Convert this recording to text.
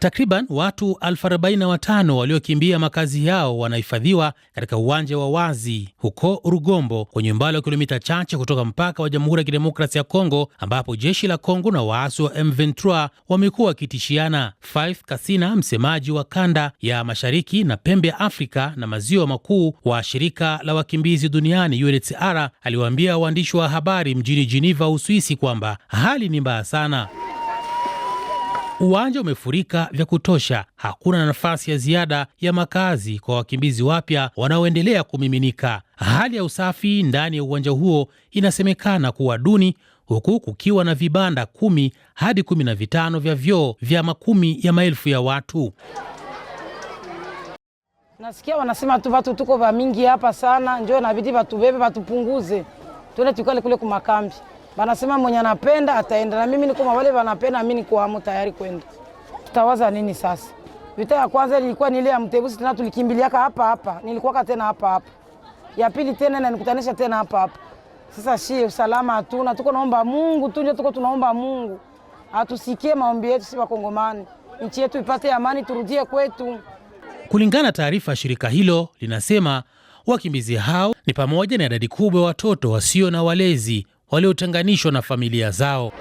Takriban watu 45 waliokimbia makazi yao wanahifadhiwa katika uwanja wa wazi huko Rugombo, kwenye umbali wa kilomita chache kutoka mpaka wa Jamhuri ya Kidemokrasia ya Kongo, ambapo jeshi la Kongo na waasi wa M23 wamekuwa wakitishiana. Faith Kasina, msemaji wa kanda ya mashariki na pembe ya Afrika na maziwa makuu wa shirika la wakimbizi duniani UNHCR, aliwaambia waandishi wa habari mjini Geneva, Uswisi, kwamba hali ni mbaya sana. Uwanja umefurika vya kutosha, hakuna nafasi ya ziada ya makazi kwa wakimbizi wapya wanaoendelea kumiminika. Hali ya usafi ndani ya uwanja huo inasemekana kuwa duni, huku kukiwa na vibanda kumi hadi kumi na vitano vya vyoo vya makumi ya maelfu ya watu. Nasikia wanasema tu vatu tuko vamingi hapa sana, njo inabidi vatubebe vatupunguze tuende tukale kule kumakambi. Banasema mwenye anapenda ataenda, na mimi niko wale wanapenda, mimi niko hamu tayari kwenda. Tutawaza nini sasa? Vita ya kwanza ilikuwa ni ile ya mtebusi, tena tulikimbiliaka hapa hapa, nilikuwa tena hapa hapa. Ya pili tena na nikutanisha tena hapa hapa. Sasa si usalama hatuna, tuko naomba Mungu tu ndio tuko tunaomba Mungu atusikie maombi yetu, si Wakongomani, nchi yetu ipate amani, turudie kwetu. Kulingana na taarifa ya shirika hilo linasema wakimbizi hao ni pamoja na idadi kubwa ya watoto wasio na walezi waliotenganishwa na familia zao.